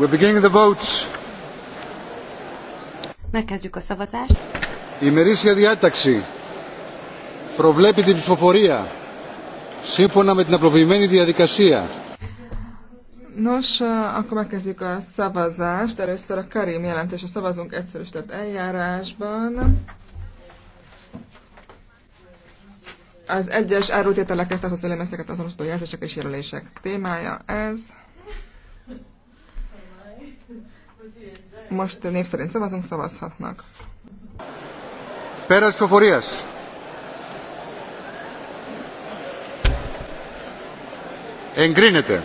We're beginning the votes. Megkezdjük a szavazást. Η μερίσια διάταξη προβλέπει την ψηφοφορία σύμφωνα με την απλοποιημένη διαδικασία. Nos, akkor megkezdjük a szavazást. Először a Karim jelentése szavazunk egyszerűsített eljárásban. Az egyes árutételekhez tartozó elemezeket azonosító jelzések és jelölések témája ez. Most név szerint szavazunk, szavazhatnak. Pérez Soforias. Engrinete.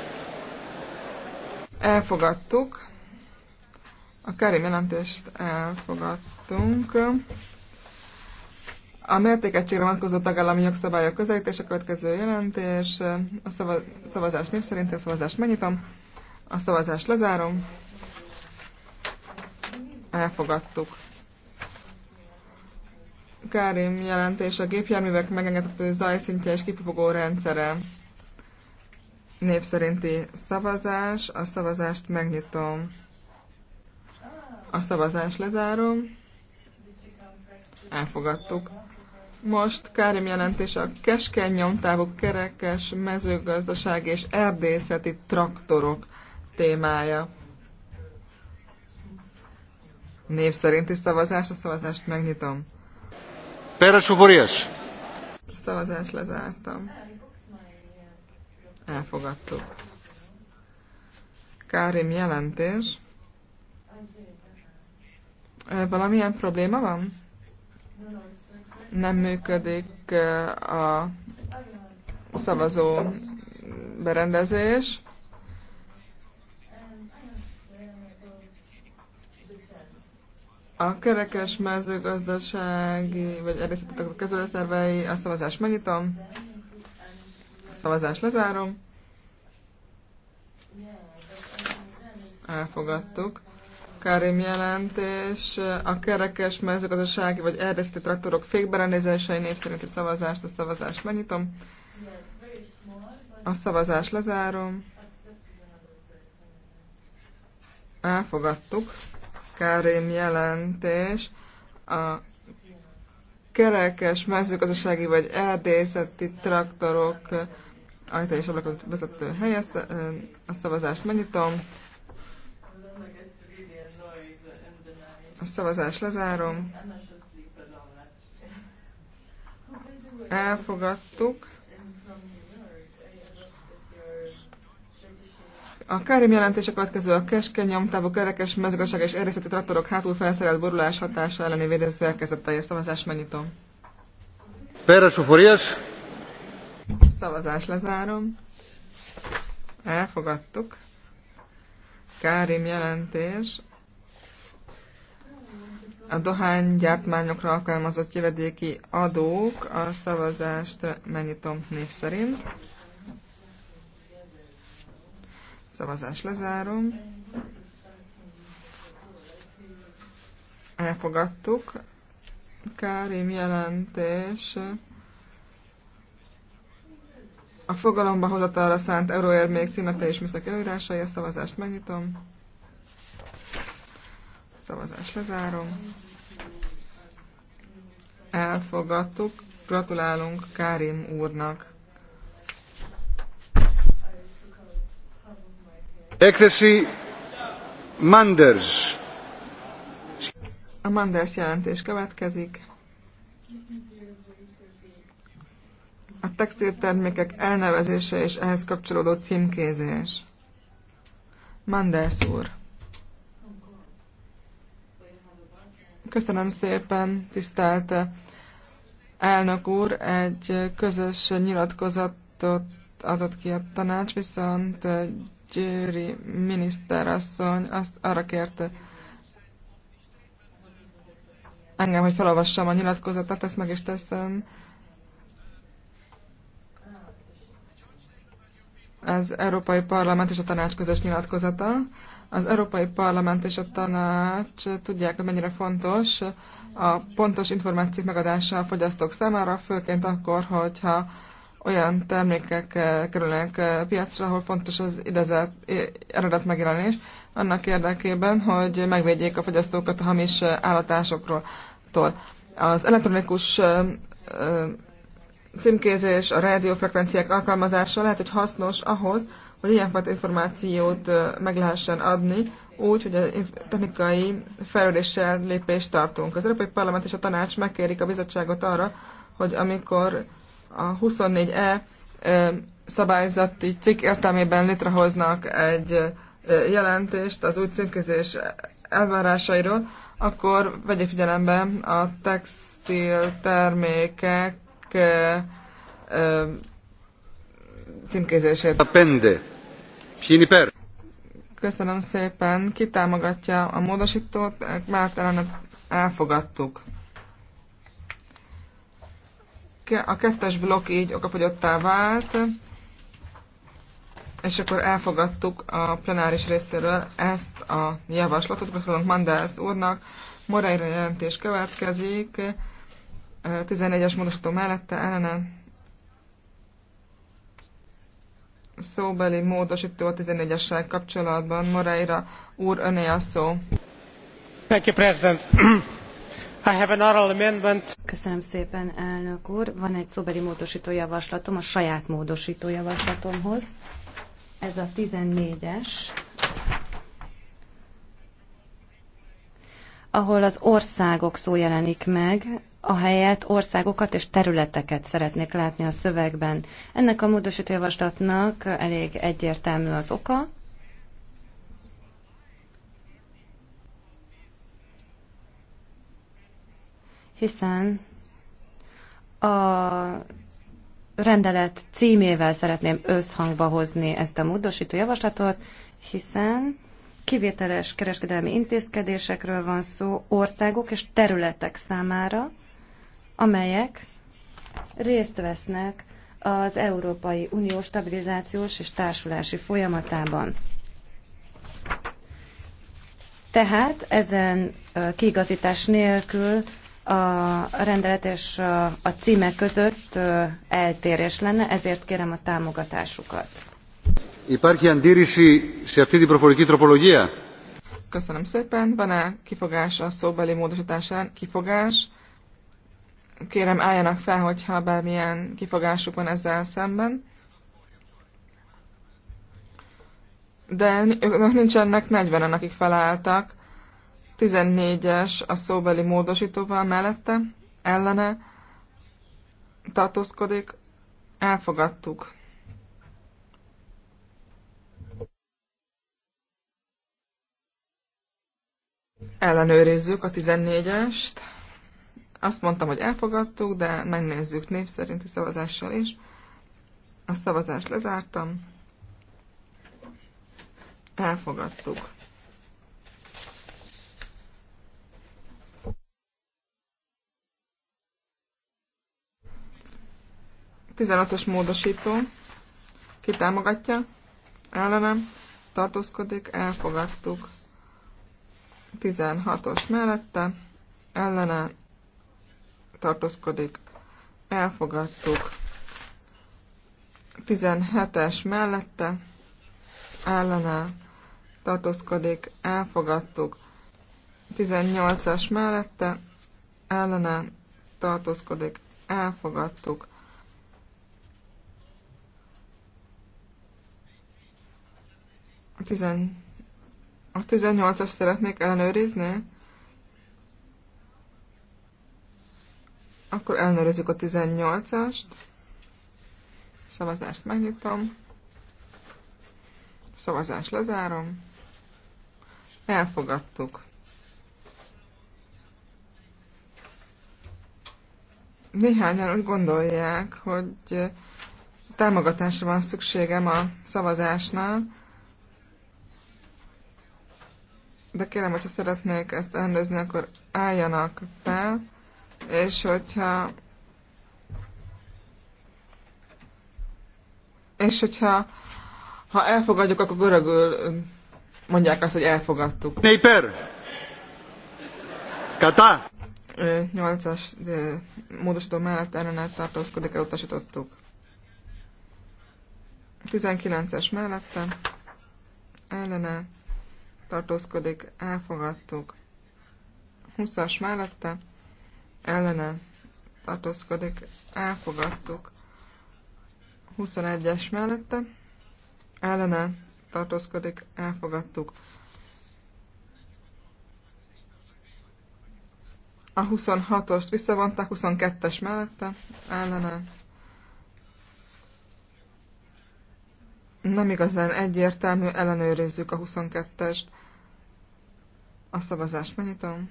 Elfogadtuk. A Karim jelentést elfogadtunk. A mértékegységre vonatkozó tagállami jogszabályok közelítés a következő jelentés. A szavazás név szerint a szavazást megnyitom. A szavazást lezárom elfogadtuk. Kárim jelentés a gépjárművek megengedhető zajszintje és kipufogó rendszere. Népszerinti szavazás. A szavazást megnyitom. A szavazást lezárom. Elfogadtuk. Most Kárim jelentés a keskeny nyomtávú kerekes mezőgazdaság és erdészeti traktorok témája. Név szerinti szavazás, a szavazást megnyitom. Peres Uvorias. Szavazást lezártam. Elfogadtuk. Kárim jelentés. Valamilyen probléma van? Nem működik a szavazó berendezés. A kerekes mezőgazdasági vagy a kezelőszervei, a szavazást megnyitom, a szavazást lezárom. Elfogadtuk. Karim jelentés, a kerekes mezőgazdasági vagy erdészeti traktorok fékberendezései népszerinti szavazást, a szavazást megnyitom. A szavazást lezárom. Elfogadtuk. Kárém jelentés a kerekes mezőgazdasági vagy erdészeti traktorok ajta és ablakot vezető helyez. A szavazást megnyitom. A szavazást lezárom. Elfogadtuk. A Kárim jelentések a következő a keskeny, nyomtávú, kerekes, mezőgazdaság és erészeti traktorok hátul felszerelt borulás hatása elleni védező elkezdett a szavazás megnyitom. Peres Soforias. Szavazás lezárom. Elfogadtuk. Kárim jelentés. A dohánygyártmányokra alkalmazott jövedéki adók a szavazást megnyitom név szerint. Szavazás lezárom. Elfogadtuk. Kárim jelentés. A fogalomba hozatalra szánt még szimete és műszak előírásai. A szavazást megnyitom. Szavazás lezárom. Elfogadtuk. Gratulálunk Kárim úrnak. Έκθεση Manders. A Manders jelentés következik. A textiltermékek elnevezése és ehhez kapcsolódó címkézés. Manders úr. Köszönöm szépen, tisztelt elnök úr. Egy közös nyilatkozatot adott ki a tanács, viszont Győri miniszterasszony azt arra kérte engem, hogy felolvassam a nyilatkozatát, ezt meg is teszem. Az Európai Parlament és a Tanács közös nyilatkozata. Az Európai Parlament és a Tanács tudják, hogy mennyire fontos a pontos információk megadása a fogyasztók számára, főként akkor, hogyha olyan termékek kerülnek eh, piacra, ahol fontos az idezett eh, eredet megjelenés, annak érdekében, hogy megvédjék a fogyasztókat a hamis eh, állatásoktól. Az elektronikus címkézés, a rádiófrekvenciák alkalmazása lehet, hogy hasznos ahhoz, hogy ilyenfajta információt meg lehessen adni, úgy, hogy a technikai fejlődéssel lépést tartunk. Az Európai Parlament és a Tanács megkérik a bizottságot arra, hogy amikor a 24E szabályzati cikk értelmében létrehoznak egy jelentést az új címkézés elvárásairól, akkor vegye figyelembe a textil termékek címkézését. Köszönöm szépen. Ki támogatja a módosítót? Már elfogadtuk a kettes blokk így okafogyottá vált, és akkor elfogadtuk a plenáris részéről ezt a javaslatot. Köszönöm Mandász úrnak. morajra jelentés következik. 14-es módosító mellette ellene szóbeli módosító a 14-essel kapcsolatban. morajra úr, öné a szó. Thank you, President. I have an oral amendment. Köszönöm szépen, elnök úr. Van egy szóbeli módosító javaslatom a saját módosító javaslatomhoz. Ez a 14-es, ahol az országok szó jelenik meg, ahelyett országokat és területeket szeretnék látni a szövegben. Ennek a módosító javaslatnak elég egyértelmű az oka. hiszen a rendelet címével szeretném összhangba hozni ezt a módosító javaslatot, hiszen kivételes kereskedelmi intézkedésekről van szó országok és területek számára, amelyek részt vesznek az Európai Unió stabilizációs és társulási folyamatában. Tehát ezen kiigazítás nélkül a rendelet és a címe között eltérés lenne, ezért kérem a támogatásukat. Υπάρχει αντίρρηση σε αυτή την προφορική Köszönöm szépen. Van-e kifogás a szóbeli módosításán? Kifogás. Kérem álljanak fel, hogyha bármilyen kifogásuk van ezzel szemben. De önök nincsenek 40-en, akik felálltak. 14-es a szóbeli módosítóval mellette, ellene tartózkodik, elfogadtuk. Ellenőrizzük a 14-est. Azt mondtam, hogy elfogadtuk, de megnézzük név szerinti szavazással is. A szavazást lezártam. Elfogadtuk. 15-ös módosító. Ki támogatja? Ellenem. Tartózkodik. Elfogadtuk. 16-os mellette. Ellene. Tartózkodik. Elfogadtuk. 17-es mellette. Ellene. Tartózkodik. Elfogadtuk. 18-as mellette. Ellene. Tartózkodik. Elfogadtuk. A, tizen... a 18-as szeretnék ellenőrizni? Akkor ellenőrizzük a 18-ast. Szavazást megnyitom. Szavazást lezárom. Elfogadtuk. Néhányan úgy gondolják, hogy támogatásra van szükségem a szavazásnál, de kérem, hogyha szeretnék ezt ellenőrizni, akkor álljanak fel, és hogyha és hogyha ha elfogadjuk, akkor görögül mondják azt, hogy elfogadtuk. Néper! Kata! 8-as módosító mellett ellenet tartózkodik, elutasítottuk. 19-es mellette ellene tartózkodik, elfogadtuk. 20-as mellette ellene tartózkodik, elfogadtuk. 21-es mellette ellene tartózkodik, elfogadtuk. A 26-ost visszavonták, 22-es mellette ellene nem igazán egyértelmű, ellenőrizzük a 22-est. A szavazást megnyitom.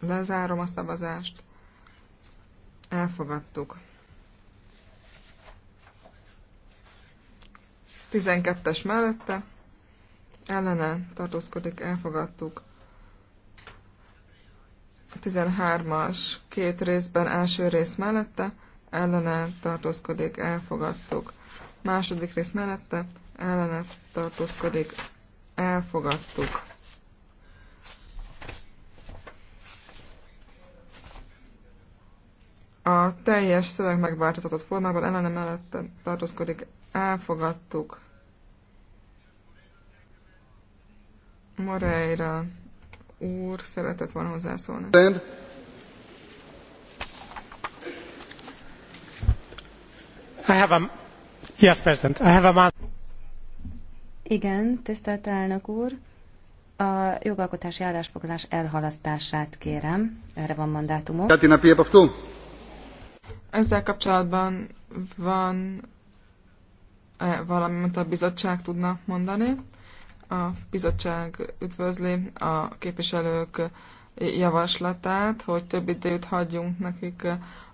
Lezárom a szavazást. Elfogadtuk. 12-es mellette. Ellene tartózkodik, elfogadtuk. 13-as két részben első rész mellette ellene tartózkodik, elfogadtuk. Második rész mellette ellene tartózkodik, elfogadtuk. A teljes szöveg megváltozott formában ellene mellette tartózkodik, elfogadtuk. Moreira úr szeretett volna hozzászólni. Igen, tisztelt elnök úr. A jogalkotási állásfoglalás elhalasztását kérem. Erre van mandátumom. Ezzel kapcsolatban van -e eh, valami, amit a bizottság tudna mondani. A bizottság üdvözli a képviselők javaslatát, hogy több időt hagyjunk nekik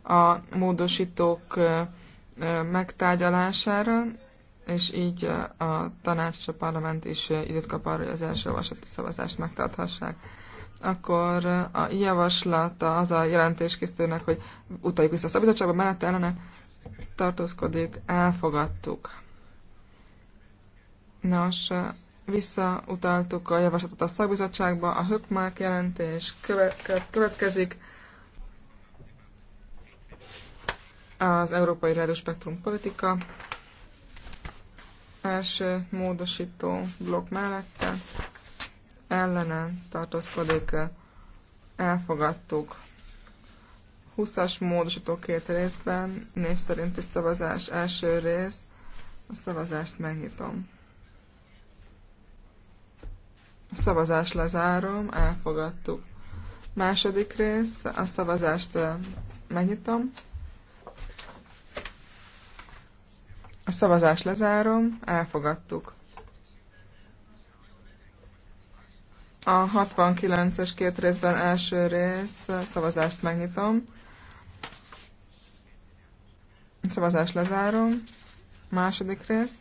a módosítók eh, megtárgyalására, és így a tanács és a parlament is időt kap arra, hogy az első olvasati szavazást megtarthassák. Akkor a javaslata az a jelentéskészítőnek, hogy utaljuk vissza a szabizottságba, mellett ellene tartózkodik, elfogadtuk. Nos, visszautaltuk a javaslatot a szakbizottságba, a hökmák jelentés követ, következik. az Európai rádió spektrum politika első módosító blokk mellette ellene tartózkodik elfogadtuk. 20-as módosító két részben, név szerinti szavazás első rész, a szavazást megnyitom. A szavazást lezárom, elfogadtuk. Második rész, a szavazást megnyitom. A szavazás lezárom, elfogadtuk. A 69-es két részben első rész szavazást megnyitom. A szavazást lezárom. Második rész.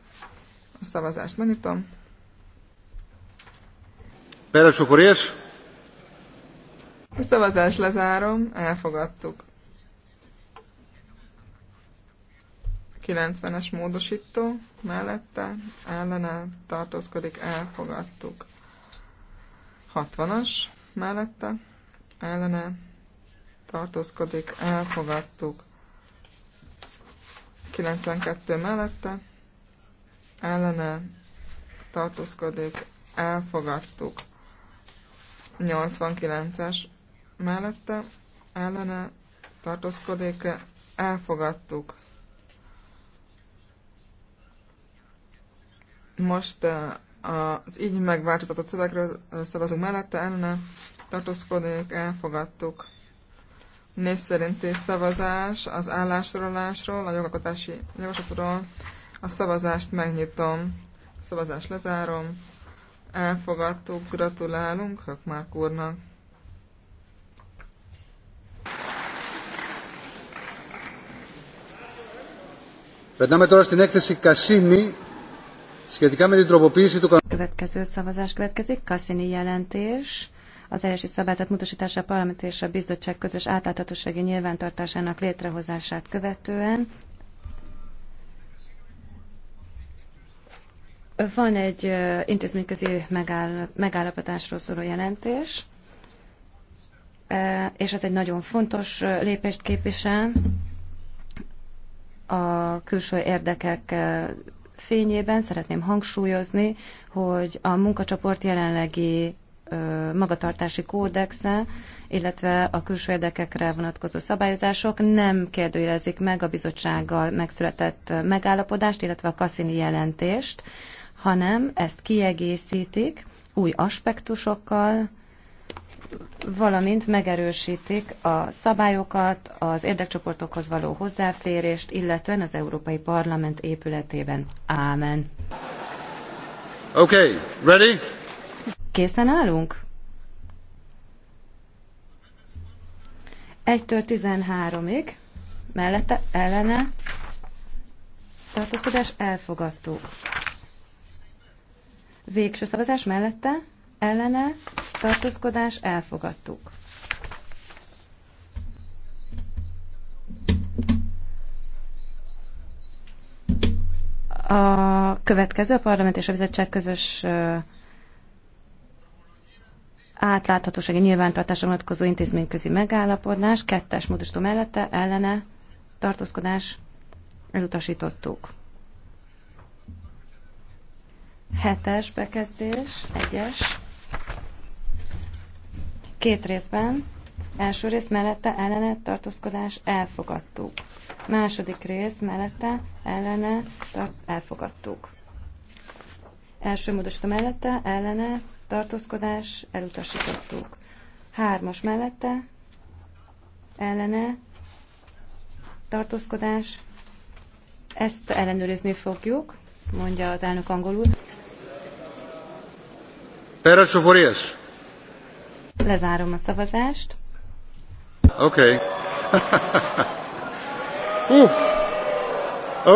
A szavazást megnyitom. Peres A szavazást lezárom. Elfogadtuk. 90-es módosító mellette ellene tartózkodik, elfogadtuk. 60-as mellette ellene tartózkodik, elfogadtuk. 92 mellette ellene tartózkodik, elfogadtuk. 89-es mellette ellene tartózkodik, elfogadtuk. Most eh, az így megváltoztatott szövegről eh, szavazunk mellette, ellene tartózkodik, elfogadtuk. Név szerinti szavazás az állásorolásról, a jogalkotási javaslatról. A szavazást megnyitom, a szavazást lezárom. Elfogadtuk, gratulálunk Hökmák úrnak. Περνάμε τώρα στην έκθεση Κασίνη Következő szavazás következik. Cassini jelentés. Az első szabályzat módosítása a parlament és a bizottság közös átláthatósági nyilvántartásának létrehozását követően. Van egy intézményközi megáll, megállapodásról szóló jelentés, és ez egy nagyon fontos lépést képvisel a külső érdekek fényében szeretném hangsúlyozni, hogy a munkacsoport jelenlegi magatartási kódexe, illetve a külső érdekekre vonatkozó szabályozások nem kérdőjelezik meg a bizottsággal megszületett megállapodást, illetve a kaszini jelentést, hanem ezt kiegészítik új aspektusokkal, valamint megerősítik a szabályokat, az érdekcsoportokhoz való hozzáférést, illetően az Európai Parlament épületében. Ámen. Okay, ready? Készen állunk? 1-től 13-ig, mellette ellene tartózkodás elfogadtuk. Végső szavazás mellette ellene, tartózkodás, elfogadtuk. A következő a parlament és a bizottság közös átláthatósági nyilvántartásra vonatkozó intézményközi megállapodás, kettes módosító mellette, ellene, tartózkodás, elutasítottuk. Hetes bekezdés, egyes. Két részben. Első rész mellette ellene tartózkodás elfogadtuk. Második rész mellette ellene tart, elfogadtuk. Első módosító mellette ellene tartózkodás elutasítottuk. Hármas mellette ellene tartózkodás. Ezt ellenőrizni fogjuk, mondja az elnök angolul. Pero, Lezárom a szavazást. Oké. Okay. Oké, uh.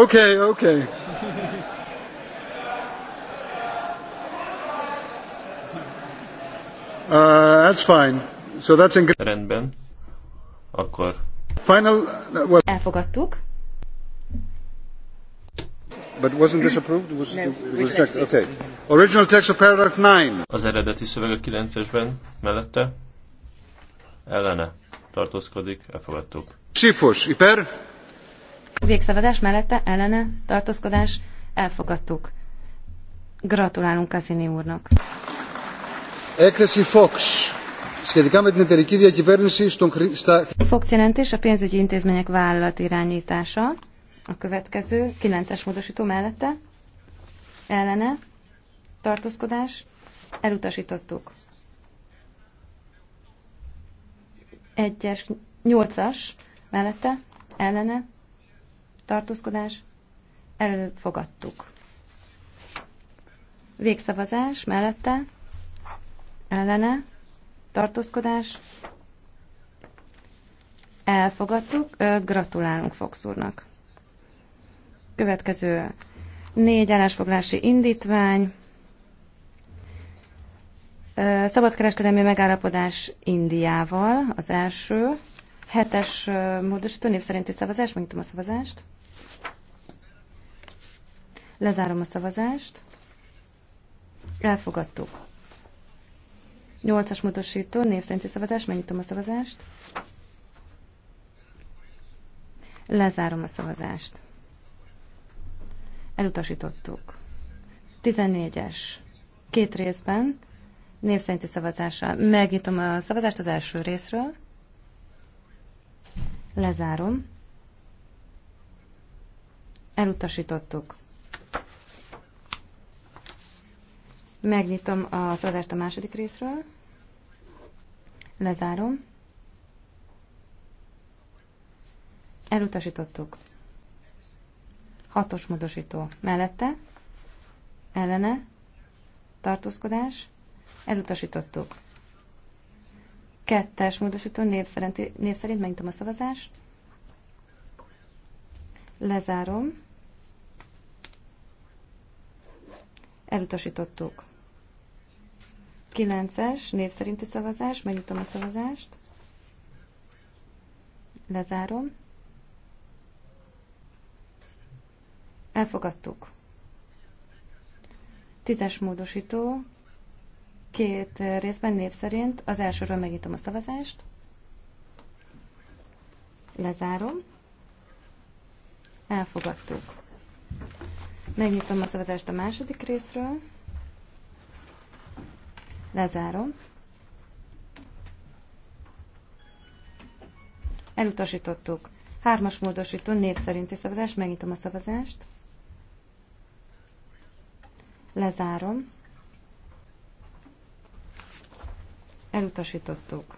oké. Okay, okay. Uh, that's fine. So that's in... Rendben. Akkor. Final. Uh, well... Elfogadtuk. But wasn't this approved? Was, no, was rejected. Okay. Original text of paragraph 9. Az eredeti szöveg a 9-esben mellette ellene tartózkodik, elfogadtuk. Sifos, iper. Végszavazás mellette ellene tartózkodás, elfogadtuk. Gratulálunk Kassini úrnak. Έκθεση Fox. Σχετικά με την εταιρική διακυβέρνηση στον Fox jelentés a pénzügyi intézmények vállalat irányítása. A következő 9-es módosító mellette ellene tartózkodás, elutasítottuk. Egyes, nyolcas mellette, ellene, tartózkodás, elfogadtuk. Végszavazás mellette, ellene, tartózkodás, elfogadtuk, gratulálunk Fox úrnak. Következő négy állásfoglási indítvány, Szabadkereskedelmi megállapodás Indiával az első. Hetes módosító név szerinti szavazás. Megnyitom a szavazást. Lezárom a szavazást. Elfogadtuk. Nyolcas módosító név szerinti szavazás. Megnyitom a szavazást. Lezárom a szavazást. Elutasítottuk. 14-es. Két részben. Név szerinti szavazással. Megnyitom a szavazást az első részről. Lezárom. Elutasítottuk. Megnyitom a szavazást a második részről. Lezárom. Elutasítottuk. Hatos módosító. Mellette. Ellene. Tartózkodás. Elutasítottuk. Kettes módosító név szerint, név szerint megnyitom a szavazást. Lezárom. Elutasítottuk. Kilences név szerinti szavazás. Megnyitom a szavazást. Lezárom. Elfogadtuk. Tízes módosító, két részben név szerint. Az elsőről megnyitom a szavazást. Lezárom. Elfogadtuk. Megnyitom a szavazást a második részről. Lezárom. Elutasítottuk. Hármas módosító név szerinti szavazás. Megnyitom a szavazást. Lezárom. elutasítottuk.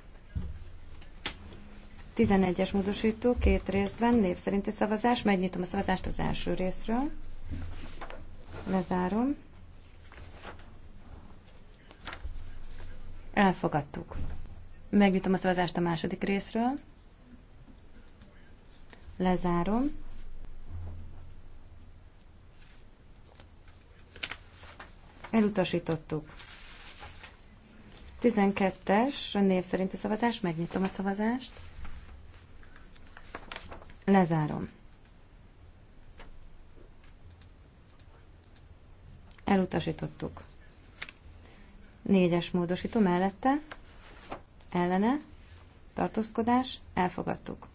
11-es módosító, két részben, név szerinti szavazás. Megnyitom a szavazást az első részről. Lezárom. Elfogadtuk. Megnyitom a szavazást a második részről. Lezárom. Elutasítottuk. 12-es név a szavazás, megnyitom a szavazást. Lezárom. Elutasítottuk. Négyes módosító mellette, ellene, tartózkodás, elfogadtuk.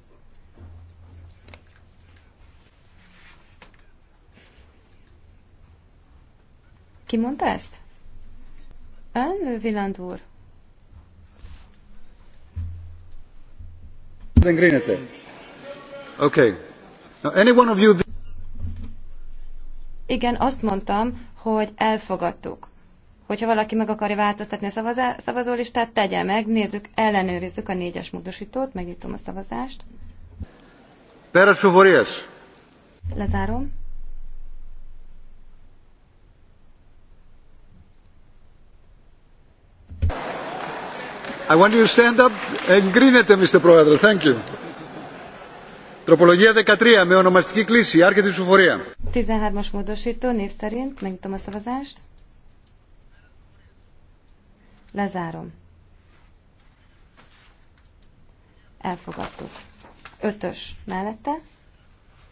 Ki mondta ezt? Ön, Villand úr. Igen, azt mondtam, hogy elfogadtuk. Hogyha valaki meg akarja változtatni a szavazólistát, tegye meg, nézzük, ellenőrizzük a négyes módosítót, megnyitom a szavazást. Lezárom. I want you to stand up. Εγκρίνεται, Mr. Πρόεδρε. Thank you. Τροπολογία 13 με ονομαστική κλίση. Άρχεται η ψηφοφορία. 13-as módosító, név szerint megnyitom a Elfogadtuk. Ötös mellette,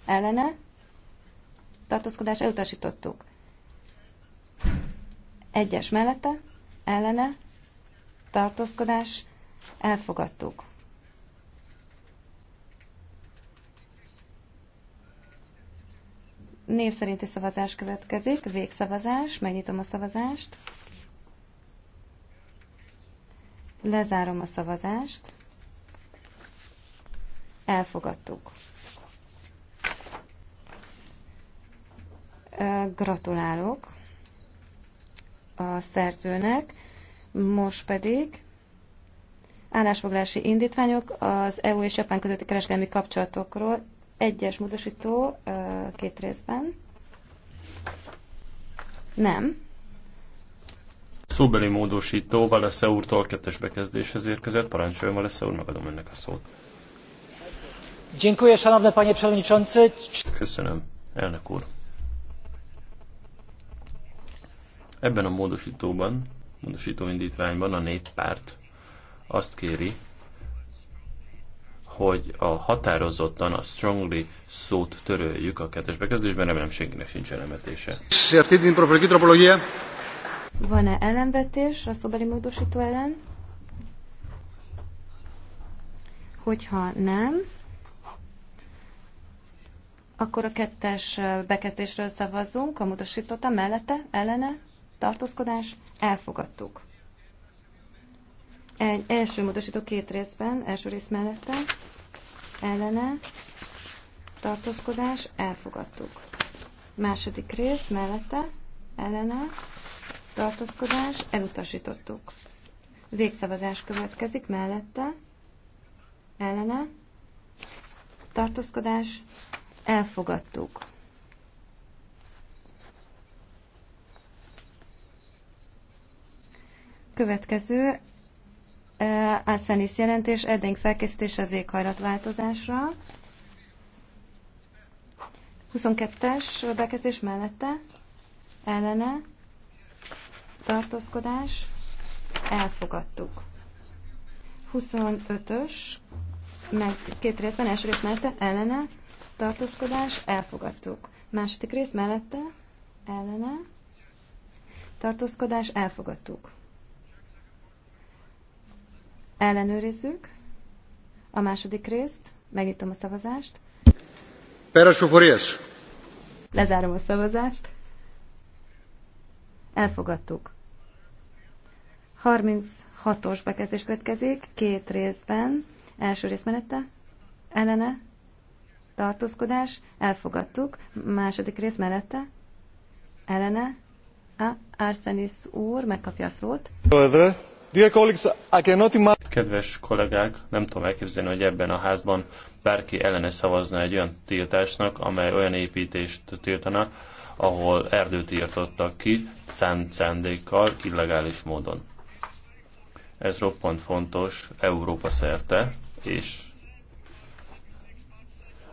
ellene, tartózkodás elutasítottuk. Egyes mellette, ellene, tartózkodás, elfogadtuk. Név szerinti szavazás következik, végszavazás, megnyitom a szavazást. Lezárom a szavazást. Elfogadtuk. Gratulálok a szerzőnek. Most pedig állásfoglalási indítványok az EU és Japán közötti kereskedelmi kapcsolatokról. Egyes módosító két részben. Nem. Szóbeli módosító Valesze úrtól kettes bekezdéshez érkezett. Parancsoljon Valesze úr, megadom önnek a szót. Dziękuję, szanowny panie przewodniczący. Köszönöm, elnök úr. Ebben a módosítóban módosító indítványban a néppárt azt kéri, hogy a határozottan a strongly szót töröljük a kettes bekezdésben, remélem senkinek sincs elemetése. Van-e ellenvetés a szobeli módosító ellen? Hogyha nem, akkor a kettes bekezdésről szavazunk, a módosította mellette, ellene, tartózkodás, Elfogadtuk. Egy első módosító két részben, első rész mellette, ellene, tartózkodás, elfogadtuk. Második rész mellette, ellene, tartózkodás, elutasítottuk. Végszavazás következik mellette, ellene, tartózkodás, elfogadtuk. Következő Assenis jelentés, eddig felkészítés az éghajlatváltozásra. 22-es bekezdés mellette, ellene, tartózkodás, elfogadtuk. 25-ös, meg két részben, első rész mellette, ellene, tartózkodás, elfogadtuk. Második rész mellette, ellene, tartózkodás, elfogadtuk. Ellenőrizzük. A második részt. Megnyitom a szavazást. Peresuforias. Lezárom a szavazást. Elfogadtuk. 36-os bekezdés következik, két részben. Első rész menette, ellene, tartózkodás, elfogadtuk. Második rész mellette, ellene, a Arsenis úr megkapja a szót. Köldre. Kedves kollégák, nem tudom elképzelni, hogy ebben a házban bárki ellene szavazna egy olyan tiltásnak, amely olyan építést tiltana, ahol erdőt írtottak ki szánt szándékkal, illegális módon. Ez roppant fontos Európa szerte, és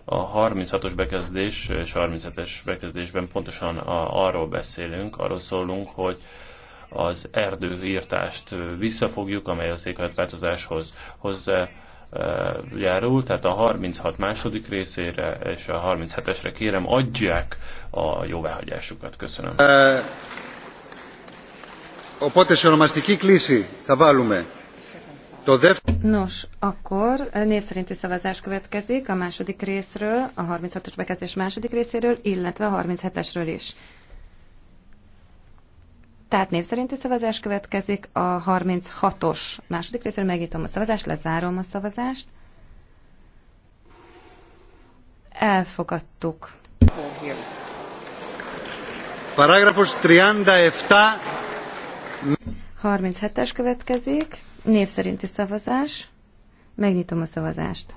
a 36-os bekezdés és 37-es bekezdésben pontosan a, arról beszélünk, arról szólunk, hogy az erdőírtást visszafogjuk, amely az éghajlatváltozáshoz hozzá e, járul, tehát a 36 második részére és a 37-esre kérem adják a jóváhagyásukat. Köszönöm. Nos, akkor név szerinti szavazás következik a második részről, a 36-os bekezdés második részéről, illetve a 37-esről is. Tehát név szerinti szavazás következik a 36-os második részről. Megnyitom a szavazást, lezárom a szavazást. Elfogadtuk. Paragrafus 37. 37-es következik. Név szerinti szavazás. Megnyitom a szavazást.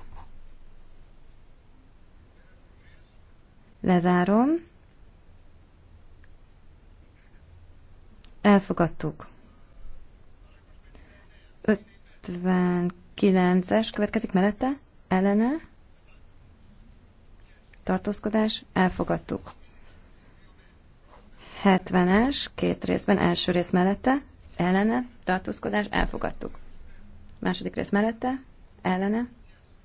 Lezárom. Elfogadtuk. 59-es következik mellette, ellene, tartózkodás, elfogadtuk. 70-es, két részben, első rész mellette, ellene, tartózkodás, elfogadtuk. Második rész mellette, ellene,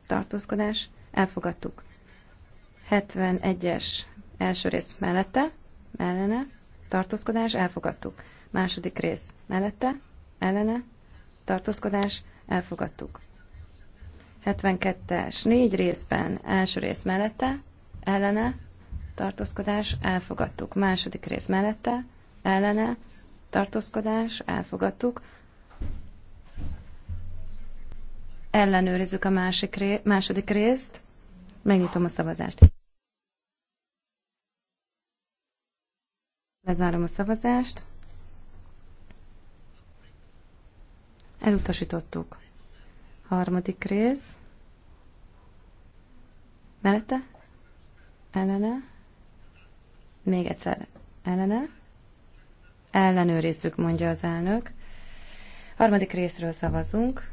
tartózkodás, elfogadtuk. 71-es, első rész mellette, ellene, tartózkodás, elfogadtuk. Második rész. Mellette, ellene, tartózkodás, elfogadtuk. 72-es. Négy részben. Első rész mellette, ellene, tartózkodás, elfogadtuk. Második rész mellette, ellene, tartózkodás, elfogadtuk. Ellenőrizzük a másik ré- második részt. Megnyitom a szavazást. Lezárom a szavazást. Elutasítottuk. Harmadik rész. Mellette? Ellene? Még egyszer. Ellene? Ellenőrizzük, mondja az elnök. Harmadik részről szavazunk.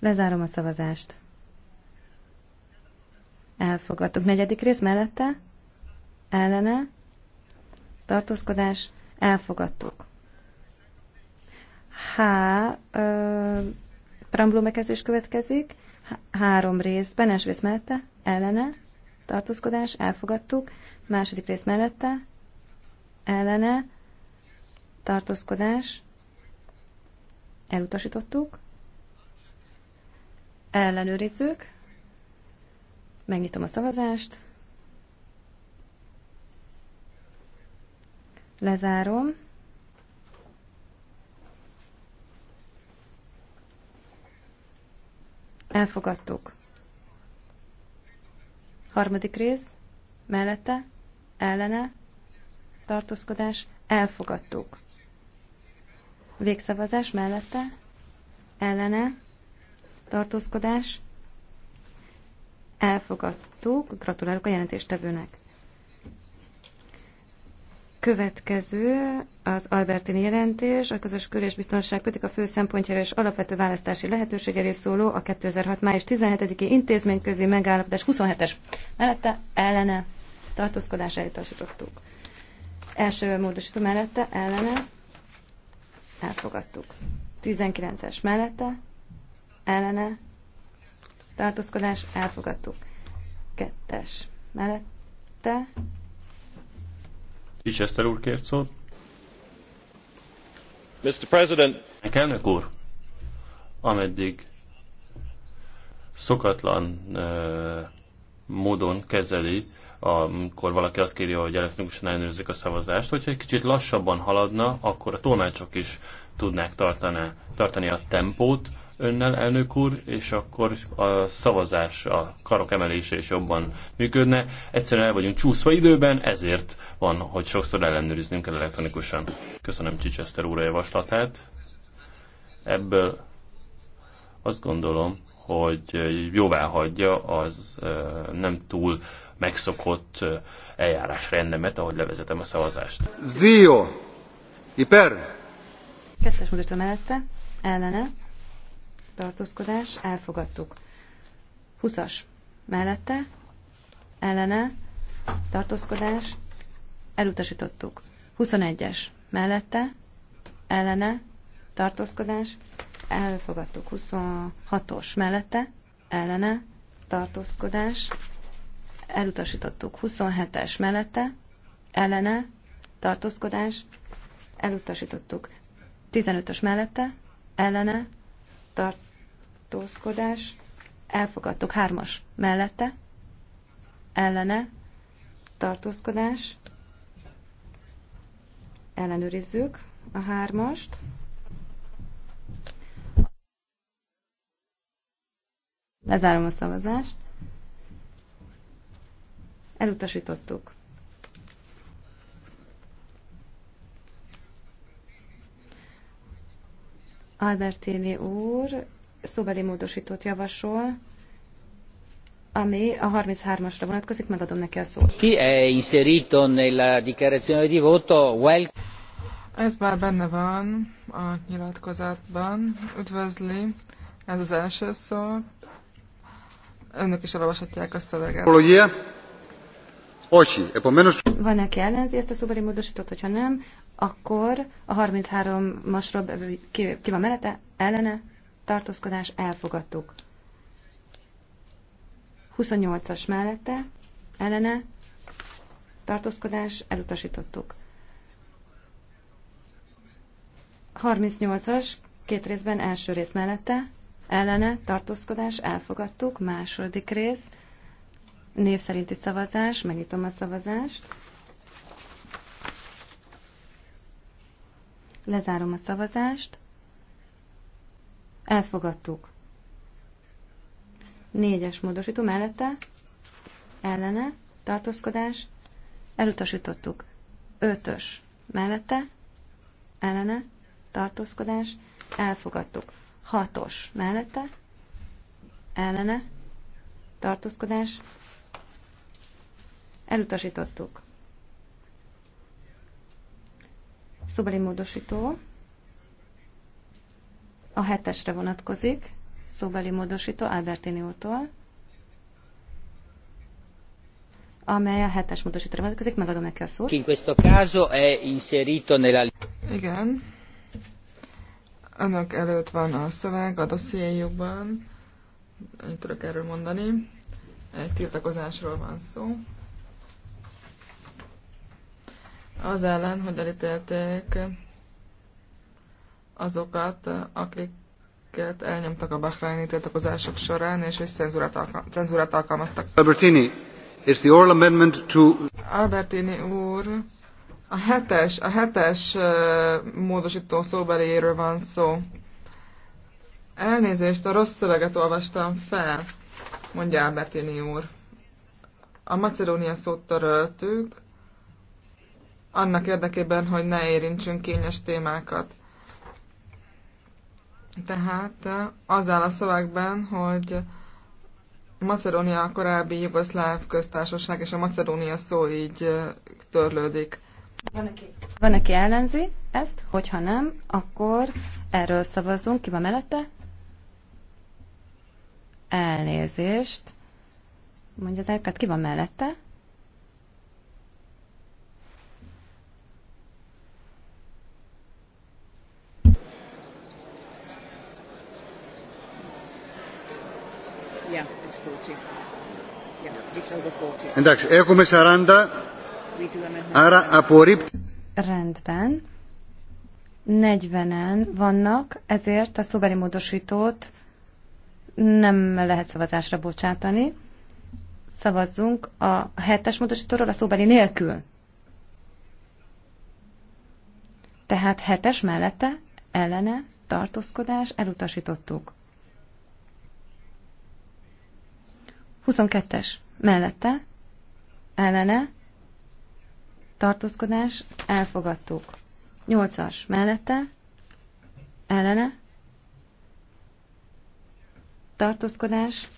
Lezárom a szavazást. Elfogadtuk. Negyedik rész mellette? Ellene? Tartózkodás? Elfogadtuk. H preambulum bekezdés következik, három részben, első rész mellette, ellene, tartózkodás, elfogadtuk, második rész mellette, ellene, tartózkodás, elutasítottuk, ellenőrizzük, megnyitom a szavazást, lezárom, Elfogadtuk. Harmadik rész. Mellette. Ellene. Tartózkodás. Elfogadtuk. Végszavazás mellette. Ellene. Tartózkodás. Elfogadtuk. Gratulálok a jelentéstevőnek. Következő az Albertini jelentés, a közös kör és biztonságpolitika fő szempontjára és alapvető választási lehetőségeré szóló a 2006. május 17-i intézményközi megállapodás 27-es mellette ellene tartózkodás elutasítottuk. Első módosító mellette ellene elfogadtuk. 19-es mellette ellene tartózkodás elfogadtuk. Kettes mellette Chichester úr kért szót. Mr. President. Elnök úr, ameddig szokatlan uh, módon kezeli, amikor valaki azt kéri, hogy elektronikusan ellenőrzik a szavazást, hogyha egy kicsit lassabban haladna, akkor a tolmácsok is tudnák tartani, tartani a tempót, önnel, elnök úr, és akkor a szavazás, a karok emelése is jobban működne. Egyszerűen el vagyunk csúszva időben, ezért van, hogy sokszor ellenőriznünk kell elektronikusan. Köszönöm Csicseszter úr a javaslatát. Ebből azt gondolom, hogy jóvá hagyja az nem túl megszokott eljárásrendemet, ahogy levezetem a szavazást. Zio, Iper! Kettes mutatom mellette, ellene tartózkodás, elfogadtuk. 20-as mellette, ellene, tartózkodás, elutasítottuk. 21-es mellette, ellene, tartózkodás, elfogadtuk. 26-os mellette, ellene, tartózkodás, elutasítottuk. 27-es mellette, ellene, tartózkodás, elutasítottuk. 15-ös mellette, ellene, tartózkodás, elfogadtuk. Hármas mellette, ellene, tartózkodás, ellenőrizzük a hármast. Lezárom a szavazást. Elutasítottuk. Albertini úr szóbeli módosítót javasol, ami a 33-asra vonatkozik, megadom neki a szót. Ki è inserito nella dichiarazione di voto? Well... Ez már benne van a nyilatkozatban. Üdvözli, ez az első szó. Önök is elolvashatják a szöveget. Apologia. Van, aki ellenzi ezt a szóbeli módosítót, hogyha nem, akkor a 33-asról ki, ki van mellette, ellene, tartózkodás, elfogadtuk. 28-as mellette, ellene, tartózkodás, elutasítottuk. 38-as, két részben első rész mellette, ellene, tartózkodás, elfogadtuk, második rész, név szerinti szavazás, megnyitom a szavazást. Lezárom a szavazást. Elfogadtuk. Négyes módosító mellette, ellene, tartózkodás, elutasítottuk. Ötös mellette, ellene, tartózkodás, elfogadtuk. Hatos mellette, ellene, tartózkodás, Elutasítottuk. Szobeli módosító. A hetesre vonatkozik. Szóbeli módosító Albertini úrtól amely a hetes módosítóra vonatkozik, megadom neki a szót. In questo caso è inserito nella... Igen. Önök előtt van a szöveg a dossziéjukban. Én tudok erről mondani. Egy tiltakozásról van szó az ellen, hogy elítélték azokat, akiket elnyomtak a Bahraini tiltakozások során, és hogy cenzúrát, alkalma, cenzúrát alkalmaztak. Albertini, is the oral amendment to... Albertini úr, a hetes, a hetes módosító szóbeliéről van szó. Elnézést, a rossz szöveget olvastam fel, mondja Albertini úr. A Macedónia szót töröltük, annak érdekében, hogy ne érintsünk kényes témákat. Tehát az áll a szövegben, hogy Macedónia a korábbi Jugoszláv köztársaság, és a Macedónia szó így törlődik. Van, aki, van, aki ellenzi ezt, hogyha nem, akkor erről szavazunk. Ki van mellette? Elnézést. Mondja az el, tehát ki van mellette? Εντάξει, έχουμε 40, άρα απορρίπτει. Rendben. 40-en vannak, ezért a szóbeli módosítót nem lehet szavazásra bocsátani. Szavazzunk a hetes módosítóról a szóbeli nélkül. Tehát hetes mellette ellene tartózkodás elutasítottuk. 22-es mellette, ellene, tartózkodás, elfogadtuk. 8-as mellette, ellene, tartózkodás,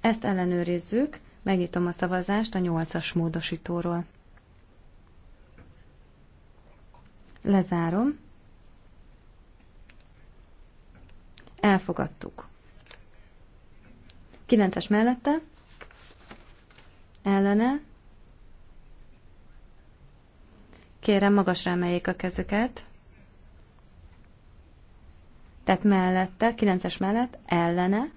ezt ellenőrizzük, megnyitom a szavazást a 8-as módosítóról. Lezárom. Elfogadtuk. 9-es mellette, ellene, kérem magasra emeljék a kezüket, tehát mellette, 9-es mellett, ellene,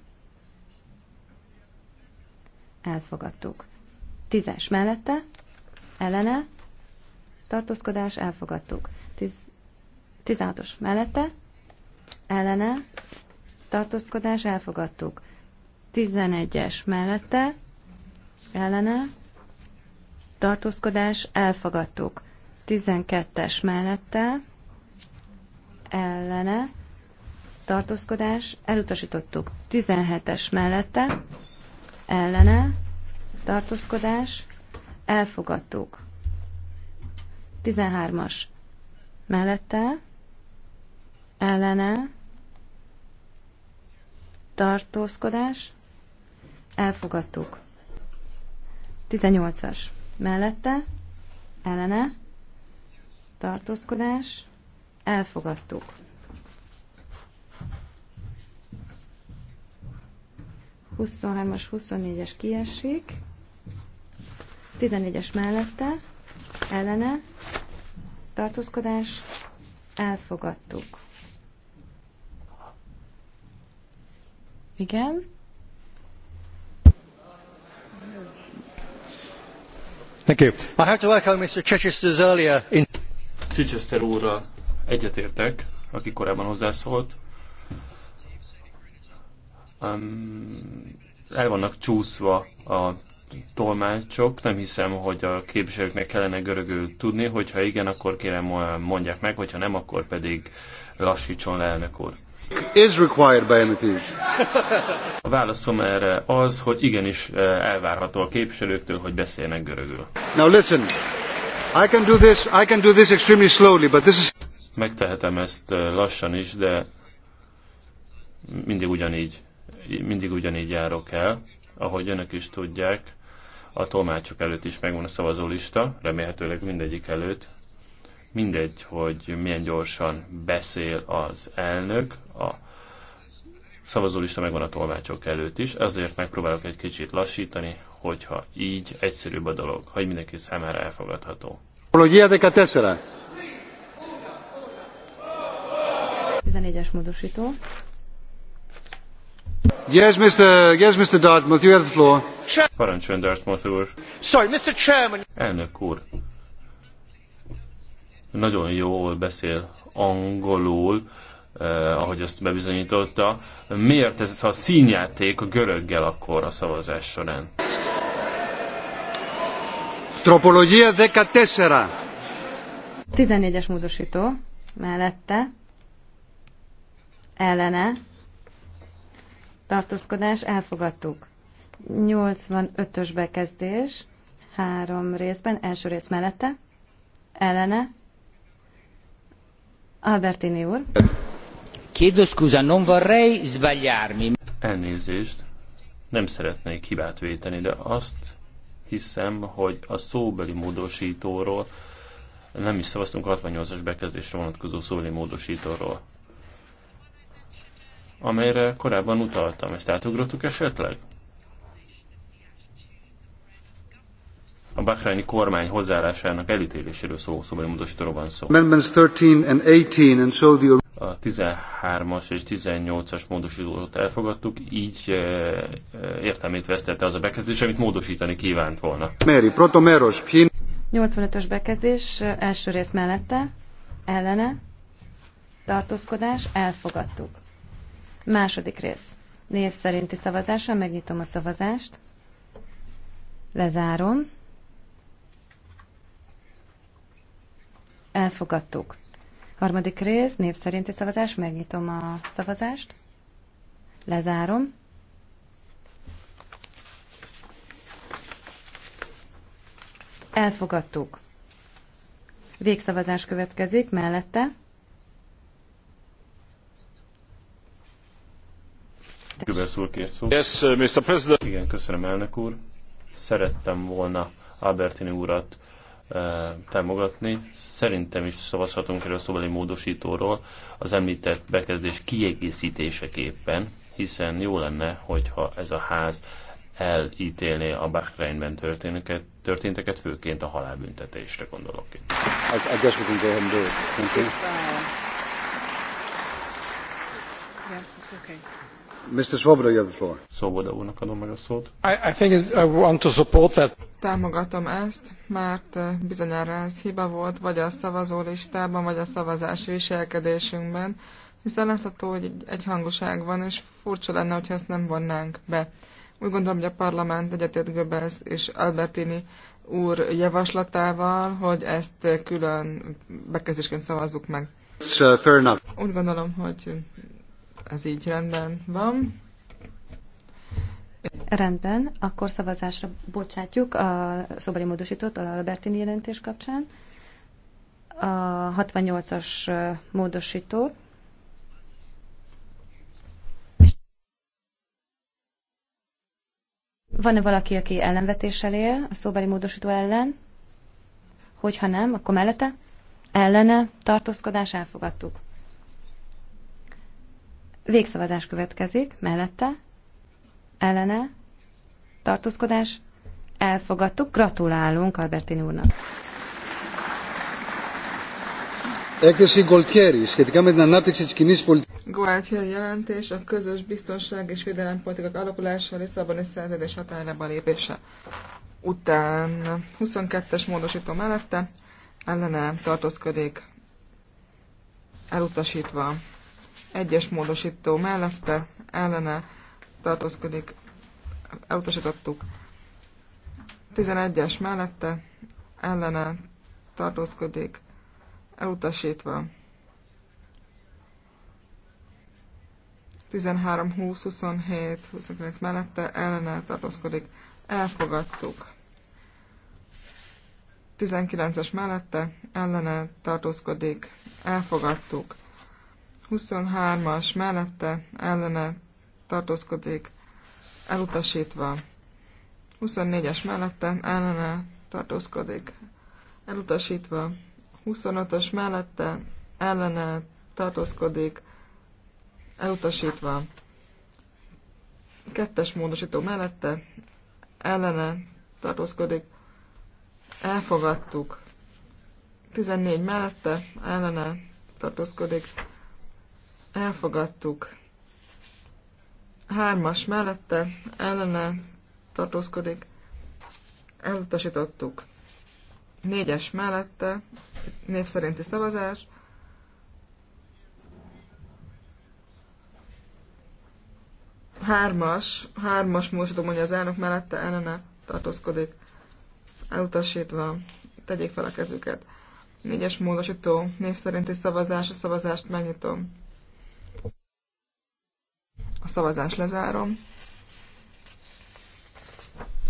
elfogadtuk. 10-es mellette, ellene, tartózkodás, elfogadtuk. 16-os mellette, ellene, tartózkodás, elfogadtuk. 11-es mellette ellene tartózkodás elfogadtuk. 12-es mellette ellene tartózkodás elutasítottuk. 17-es mellette ellene tartózkodás elfogadtuk. 13-as mellette ellene tartózkodás elfogadtuk. 18-as mellette, ellene, tartózkodás, elfogadtuk. Huszonhármas, 24-es kiesik, 14-es mellette, ellene, tartózkodás, elfogadtuk. Igen. i have to echo mr chichester's earlier in... chichester úrral egyetértek aki korábban hozzászólt um, el vannak csúszva a tolmácsok, nem hiszem, hogy a képviselőknek kellene görögül tudni, hogyha igen, akkor kérem mondják meg, hogyha nem, akkor pedig lassítson le elnök úr. Is required by MPs. A válaszom erre az, hogy igenis eh, elvárható a képviselőktől, hogy beszéljenek görögül. Now listen, I can do this, I can do this extremely slowly, but this is... Megtehetem ezt eh, lassan is, de mindig ugyanígy, mindig ugyanígy járok el, ahogy önök is tudják. A tolmácsok előtt is megvan a szavazólista, remélhetőleg mindegyik előtt, mindegy, hogy milyen gyorsan beszél az elnök, a szavazólista megvan a tolmácsok előtt is, ezért megpróbálok egy kicsit lassítani, hogyha így egyszerűbb a dolog, hogy mindenki számára elfogadható. 14-es módosító. Yes, Mr. Yes, Mr. Dartmouth, you have the floor. Parancsön, Dartmouth úr. Sorry, Mr. Chairman. Elnök úr, nagyon jól beszél angolul, eh, ahogy azt bebizonyította. Miért ez a színjáték a göröggel akkor a szavazás során? Tropológia 14. 14-es módosító mellette ellene tartózkodás elfogadtuk. 85-ös bekezdés három részben, első rész mellette ellene Albertini úr. Chiedo scusa, non vorrei sbagliarmi. Elnézést, nem szeretnék hibát véteni, de azt hiszem, hogy a szóbeli módosítóról nem is szavaztunk 68-as bekezdésre vonatkozó szóbeli módosítóról, amelyre korábban utaltam. Ezt átugrottuk esetleg? a bahraini kormány hozzáállásának elítéléséről szóló szóbeli módosítóról van szó. Amendments 13 and 18 and so the a 13-as és 18-as módosítót elfogadtuk, így e, e, értelmét vesztette az a bekezdés, amit módosítani kívánt volna. Mary, protomeros, 85-ös bekezdés, első rész mellette, ellene, tartózkodás, elfogadtuk. Második rész. Név szerinti szavazással megnyitom a szavazást. Lezárom. Elfogadtuk. Harmadik rész, név szerinti szavazás, megnyitom a szavazást. Lezárom. Elfogadtuk. Végszavazás következik mellette. Yes, Mr. President. Igen, köszönöm elnök úr. Szerettem volna Albertini urat támogatni. Szerintem is szavazhatunk erről a szóbeli módosítóról az említett bekezdés kiegészítéseképpen, hiszen jó lenne, hogyha ez a ház elítélné a Bahreinben történteket, történteket, főként a halálbüntetésre gondolok itt. Uh, okay. Mr. úrnak adom meg a szót. I, I think I want to support that. Támogatom ezt, mert eh, bizonyára ez hiba volt, vagy a szavazólistában, vagy a szavazási viselkedésünkben, hiszen látható, hogy egy van, és furcsa lenne, hogyha ezt nem vonnánk be. Úgy gondolom, hogy a parlament egyetért Göbbels és Albertini úr javaslatával, hogy ezt eh, külön bekezdésként szavazzuk meg. It's, uh, fair enough. Úgy gondolom, hogy ez így rendben van. Rendben, akkor szavazásra bocsátjuk a szobali módosítót a Albertini jelentés kapcsán. A 68-as módosító. Van-e valaki, aki ellenvetéssel él a szóbeli módosító ellen? Hogyha nem, akkor mellette? Ellene tartózkodás elfogadtuk. Végszavazás következik, mellette, ellene, tartózkodás, elfogadtuk. Gratulálunk Albertin úrnak. Έκθεση Γκολτιέρη σχετικά με την ανάπτυξη τη κοινή Gualtieri jelentés a közös biztonság és védelempolitikák alakulása a Lisszaboni szerződés határába lépése után 22-es módosító mellette ellene tartózkodik elutasítva. Egyes módosító mellette ellene tartózkodik, elutasítottuk. 11-es mellette ellene tartózkodik, elutasítva. 13, 20, 27, 29 mellette ellene tartózkodik, elfogadtuk. 19-es mellette ellene tartózkodik, elfogadtuk. 23-as mellette ellene tartózkodik elutasítva. 24-es mellette ellene tartózkodik elutasítva. 25-ös mellette ellene tartózkodik elutasítva. Kettes módosító mellette ellene tartózkodik elfogadtuk. 14 mellette ellene tartózkodik elfogadtuk. Hármas mellette ellene tartózkodik, elutasítottuk. Négyes mellette név szerinti szavazás, hármas, hármas módosítom hogy az elnök mellette ellene tartózkodik, elutasítva, tegyék fel a kezüket. Négyes módosító, név szerinti szavazás, a szavazást megnyitom. A szavazás lezárom.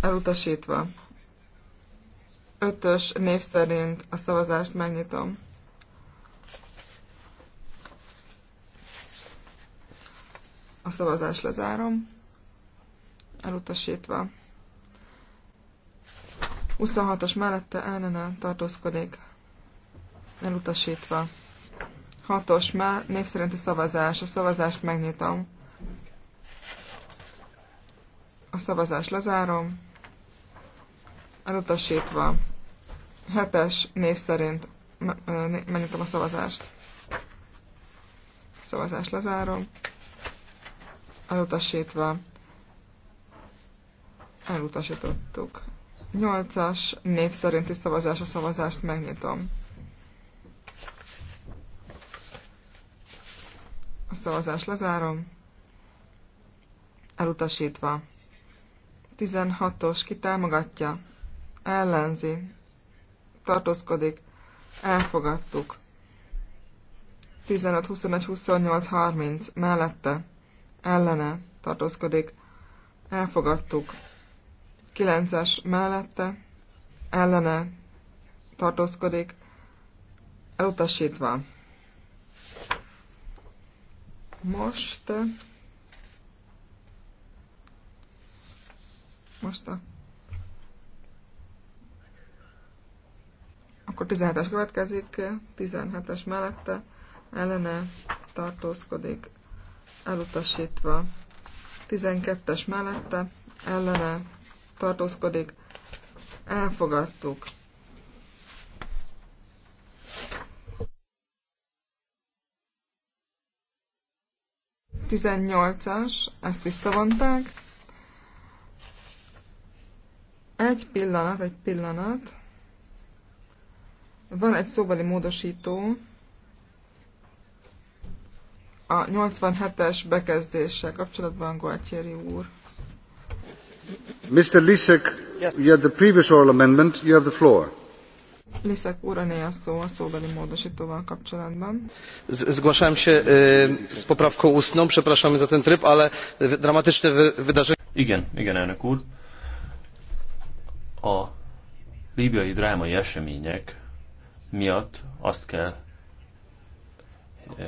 Elutasítva. Ötös név szerint a szavazást megnyitom. A szavazás lezárom. Elutasítva. 26-os mellette ellene tartózkodik. Elutasítva. 6-os már név a szavazás. A szavazást megnyitom. A szavazást lezárom. Elutasítva. Hetes név szerint megnyitom a szavazást. Szavazást lezárom. Elutasítva. Elutasítottuk. Nyolcas név szerinti szavazás a szavazást megnyitom. A szavazást lezárom. Elutasítva. 16-os ki támogatja, ellenzi, tartózkodik, elfogadtuk. 15, 21, 28, 30 mellette, ellene, tartózkodik, elfogadtuk. 9-es mellette, ellene, tartózkodik, elutasítva. Most most a... Akkor 17-es következik, 17-es mellette ellene tartózkodik, elutasítva. 12-es mellette ellene tartózkodik, elfogadtuk. Tizennyolcas, ezt visszavonták. Egy pillanat, egy pillanat. Van egy szóbeli módosító a 87-es bekezdéssel kapcsolatban, Gualtieri úr. Mr. Lisek, yes. you have the previous oral amendment, you have the floor. Lisek úr, a szó a szóbeli módosítóval kapcsolatban. Zgłaszałem się y, z poprawką ustną, przepraszamy za ten tryb, ale dramatyczne wydarzenie... Igen, igen, elnök úr a líbiai drámai események miatt azt kell eh,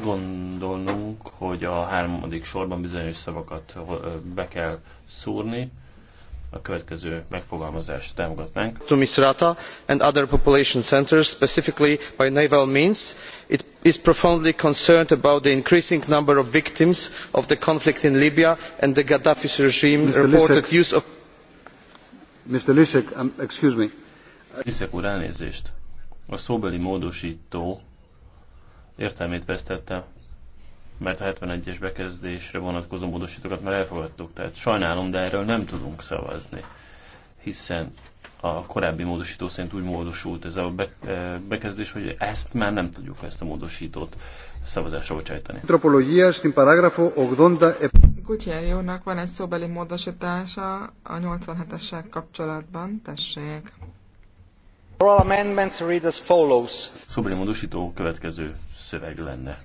gondolnunk, hogy a harmadik sorban bizonyos szavakat eh, be kell szúrni, a következő megfogalmazást támogatnánk. To Misrata and other population centers, specifically by naval means, it is profoundly concerned about the increasing number of victims of the conflict in Libya and the Gaddafi regime reported use of Mr. Lisek, um, excuse me. Lisek úr, elnézést. A szóbeli módosító értelmét vesztette, mert a 71-es bekezdésre vonatkozó módosítókat már elfogadtuk. Tehát sajnálom, de erről nem tudunk szavazni, hiszen a korábbi módosító szerint úgy módosult ez a eh, bekezdés, hogy ezt már nem tudjuk ezt a módosítót szavazásra bocsájtani. Antropológia, paragrafo 80... Gutierjónak van egy szóbeli módosítása a 87-essel kapcsolatban. Tessék. Oral amendments read as follows. Szóbeli módosító következő szöveg lenne.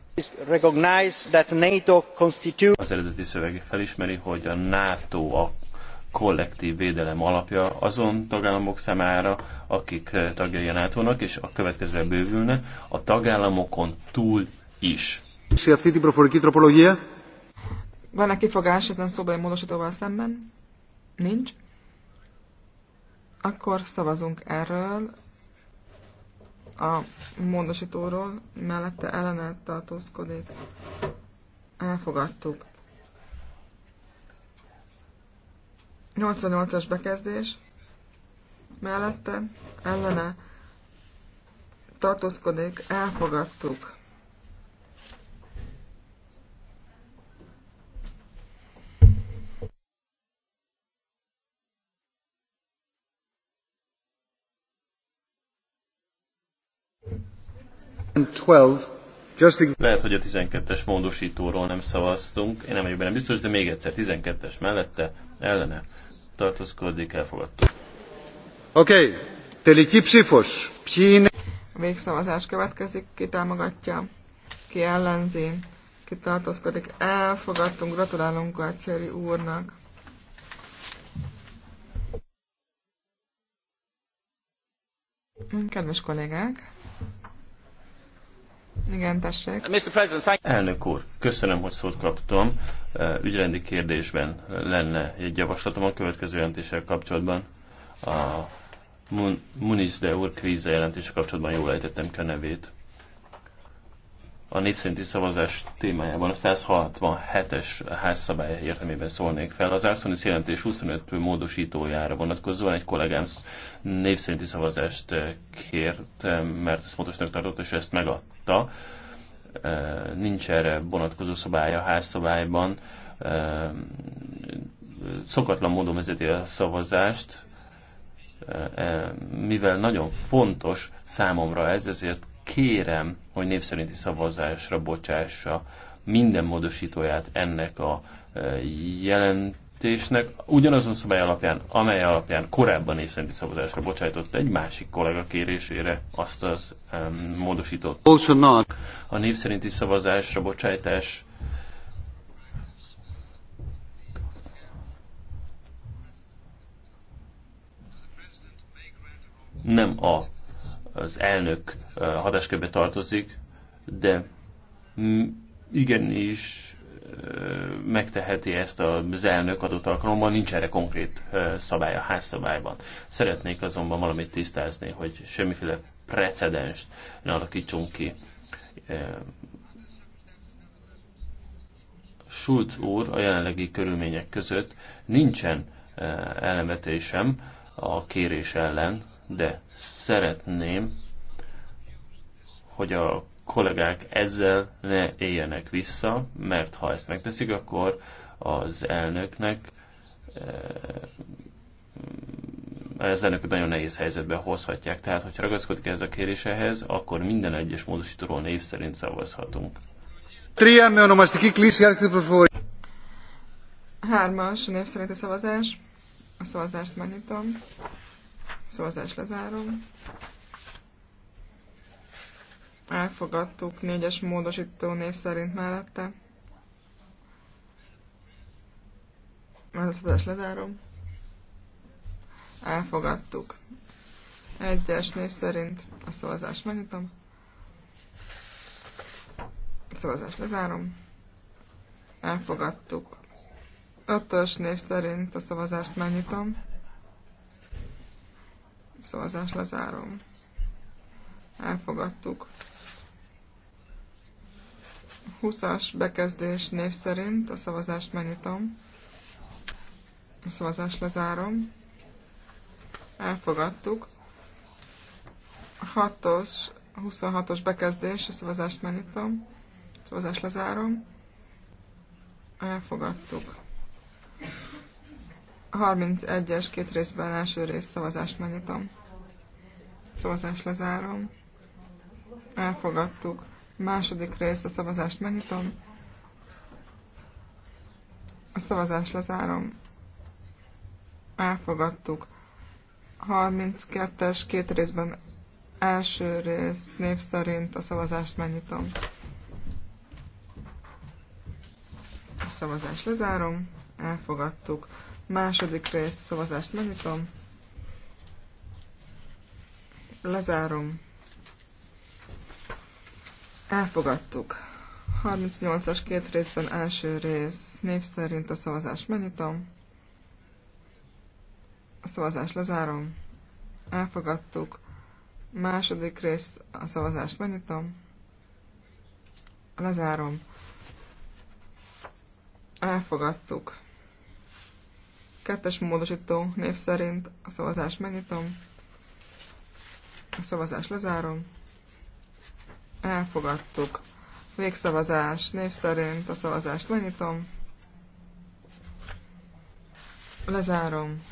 Recognize that NATO constitutes... Az eredeti szöveg felismeri, hogy a NATO a kollektív védelem alapja azon tagállamok számára, akik eh, tagjai a nato és a következőre bővülne, a tagállamokon túl is. Σε αυτή την van-e kifogás ezen szóbeli módosítóval szemben? Nincs. Akkor szavazunk erről a módosítóról, mellette ellenállt tartózkodik. Elfogadtuk. 88-as bekezdés, mellette ellene tartózkodik, elfogadtuk. Lehet, hogy a 12-es módosítóról nem szavaztunk, én nem vagyok benne biztos, de még egyszer 12-es mellette, ellene tartózkodik, elfogadtuk. Oké, okay. teliki psifos. Végszavazás következik, ki támogatja, ki ellenzi, ki tartózkodik. Elfogadtunk, gratulálunk Cseri úrnak. Kedves kollégák! Igen, tessék. Uh, Mr. President, thank Elnök úr, köszönöm, hogy szót kaptam. Uh, ügyrendi kérdésben lenne egy javaslatom a következő jelentéssel kapcsolatban. A Muniz de úr kvíze jelentése kapcsolatban jól ejtettem ki a nevét. A népszerinti szavazás témájában a 167-es házszabály értelmében szólnék fel. Az Arsonis jelentés 25 módosítójára vonatkozóan egy kollégám népszerinti szavazást kért, eh, mert ezt fontosnak tartott, és ezt megadta megtagadta, nincs erre vonatkozó szabály a házszabályban, szokatlan módon vezeti a szavazást, e, mivel nagyon fontos számomra ez, ezért kérem, hogy népszerinti szavazásra bocsássa minden módosítóját ennek a jelent jelentésnek ugyanazon szabály alapján, amely alapján korábban nézszerinti szavazásra bocsájtott egy másik kollega kérésére azt az um, módosított. A név szerinti szavazásra bocsájtás nem a, az elnök hatáskörébe tartozik, de igenis megteheti ezt az elnök adott alkalommal, nincs erre konkrét szabály a házszabályban. Szeretnék azonban valamit tisztázni, hogy semmiféle precedenst ne alakítsunk ki. Schulz úr a jelenlegi körülmények között nincsen ellenvetésem a kérés ellen, de szeretném, hogy a kollégák ezzel ne éljenek vissza, mert ha ezt megteszik, akkor az elnöknek eh, az elnököt nagyon nehéz helyzetbe hozhatják. Tehát, hogyha ragaszkodik ez a kérésehez, akkor minden egyes módosítóról név szerint szavazhatunk. Hármas, név szerint a szavazás. A szavazást megnyitom. Szavazást lezárom elfogadtuk négyes módosító név szerint mellette. adás lezárom. Elfogadtuk. Egyes név szerint a szavazást megnyitom. A szavazást lezárom. Elfogadtuk. Ötös név szerint a szavazást megnyitom. A szavazást lezárom. Elfogadtuk. 20-as bekezdés név szerint a szavazást megnyitom. A szavazást lezárom. Elfogadtuk. 6-os, 26-os bekezdés, a szavazást megnyitom. A szavazást lezárom. Elfogadtuk. 31-es két részben első rész szavazást megnyitom. Szavazást lezárom. Elfogadtuk. Második rész a szavazást megnyitom. A szavazást lezárom. Elfogadtuk. 32-es két részben első rész név szerint a szavazást megnyitom. A szavazást lezárom. Elfogadtuk. Második rész a szavazást megnyitom. Lezárom. Elfogadtuk. 38-as két részben első rész név szerint a szavazás megnyitom. A szavazás lezárom. Elfogadtuk. Második rész a szavazást megnyitom. Lezárom. Elfogadtuk. Kettes módosító név szerint a szavazást megnyitom. A szavazás lezárom elfogadtuk. Végszavazás név szerint a szavazást megnyitom. Lezárom.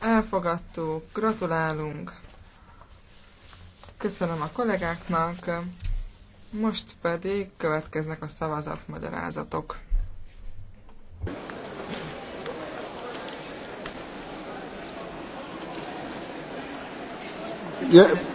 Elfogadtuk, gratulálunk. Köszönöm a kollégáknak. Most pedig következnek a szavazatmagyarázatok. Yeah.